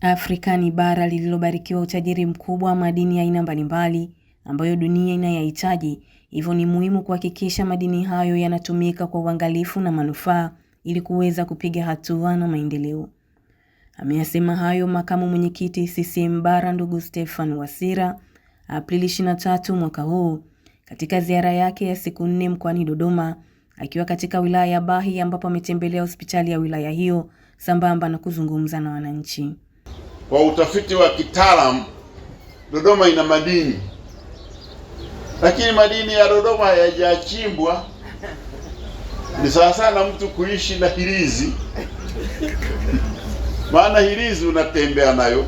Afrika ni bara lililobarikiwa utajiri mkubwa wa madini ya aina mbalimbali ambayo dunia inayahitaji. Hivyo ni muhimu kuhakikisha madini hayo yanatumika kwa uangalifu na manufaa ili kuweza kupiga hatua na maendeleo. Ameyasema hayo makamu mwenyekiti CCM bara ndugu Stefan Wasira Aprili 23 mwaka huu katika ziara yake ya siku nne mkoani Dodoma akiwa katika wilaya ya Bahi ambapo ametembelea hospitali ya wilaya hiyo sambamba na kuzungumza na wananchi kwa utafiti wa kitaalam Dodoma ina madini, lakini madini ya Dodoma hayajachimbwa. Ni sawa sana mtu kuishi na hirizi, maana hirizi unatembea nayo,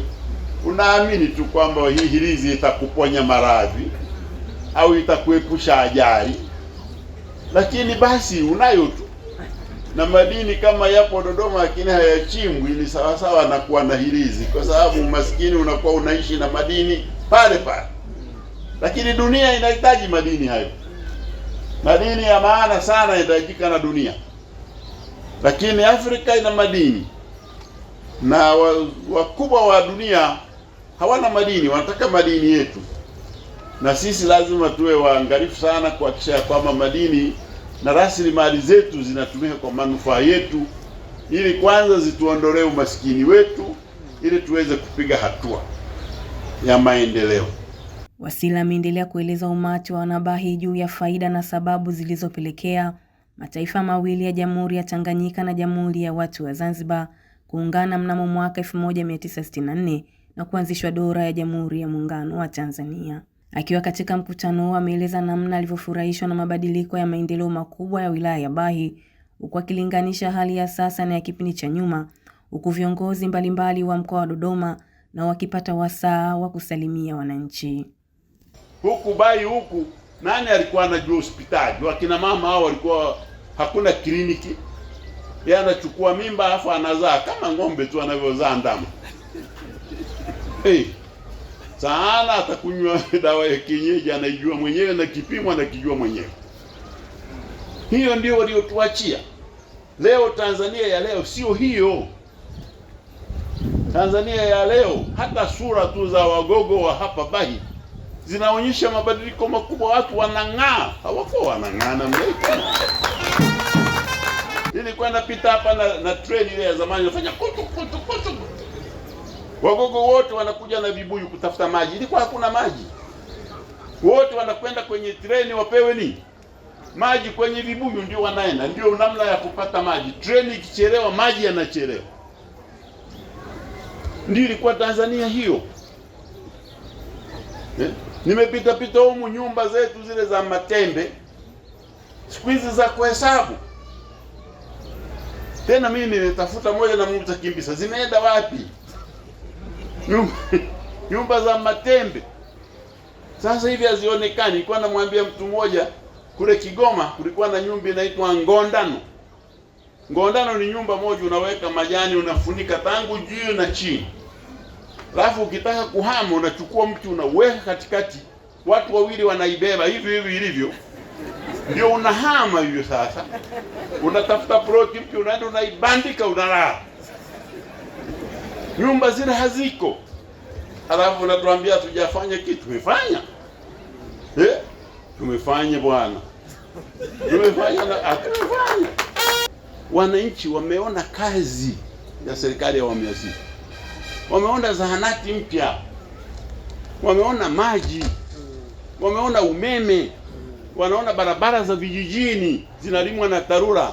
unaamini tu kwamba hii hirizi itakuponya maradhi au itakuepusha ajali, lakini basi unayo tu na madini kama yapo Dodoma lakini hayachimbwi, ni sawasawa na kuwa na hirizi, kwa sababu umaskini unakuwa unaishi na madini pale pale, lakini dunia inahitaji madini hayo. Madini ya maana sana inahitajika na dunia, lakini Afrika ina madini na wakubwa wa dunia hawana madini, wanataka madini yetu, na sisi lazima tuwe waangalifu sana kuhakikisha kwamba madini na rasilimali zetu zinatumika kwa manufaa yetu, ili kwanza zituondolee umaskini wetu, ili tuweze kupiga hatua ya maendeleo. Wasira ameendelea kueleza umati wa wanabahi juu ya faida na sababu zilizopelekea mataifa mawili ya Jamhuri ya Tanganyika na Jamhuri ya Watu wa Zanzibar kuungana mnamo mwaka 1964 na kuanzishwa dola ya Jamhuri ya Muungano wa Tanzania. Akiwa katika mkutano huo ameeleza namna alivyofurahishwa na mabadiliko ya maendeleo makubwa ya wilaya ya Bahi huku akilinganisha hali ya sasa na ya kipindi cha nyuma huku viongozi mbalimbali wa mkoa wa Dodoma nao wakipata wasaa wa kusalimia wananchi. Huku Bahi huku nani alikuwa anajua hospitali? Wakina mama hao walikuwa hakuna kliniki. Yeye anachukua mimba afu anazaa kama ng'ombe tu anavyozaa ndama. Hey sana, atakunywa dawa ya kienyeji, anaijua mwenyewe na kipimo anakijua mwenyewe. Hiyo ndio waliotuachia leo. Tanzania ya leo sio hiyo. Tanzania ya leo, hata sura tu za wagogo wa hapa Bahi zinaonyesha mabadiliko makubwa. Watu wanang'aa, Hawako wanang'aa namna hii. Nilikuwa napita hapa na, na treni ile ya zamani nafanya kutu kutu kutu Wagogo wote wanakuja na vibuyu kutafuta maji, ilikuwa hakuna maji. Wote wanakwenda kwenye treni wapewe nini? Maji kwenye vibuyu, ndio wanaenda, ndio namna ya kupata maji. Treni ikichelewa, maji yanachelewa. Ndio ilikuwa Tanzania hiyo eh? Nimepita pita humu nyumba zetu zile za matembe siku hizi za kuhesabu tena. Mimi nimetafuta moja na Mungu takimbisa, zimeenda wapi? nyumba, nyumba za matembe sasa hivi hazionekani. Nilikuwa namwambia mtu mmoja kule Kigoma, kulikuwa na nyumba inaitwa ngondano. Ngondano ni nyumba moja, unaweka majani, unafunika tangu juu na chini, alafu ukitaka kuhama unachukua mti unaweka katikati, watu wawili wanaibeba hivi hivi ilivyo, ndio unahama hivyo. Sasa unatafuta ploti mpya, unaenda unaibandika, unalala nyumba zile haziko, alafu natuambia tujafanya kitu. Tumefanya eh? Tumefanya bwana, tumefanya na tumefanya. Wananchi wameona kazi ya serikali ya awamu ya sita, wameona zahanati mpya, wameona maji, wameona umeme, wanaona barabara za vijijini zinalimwa na TARURA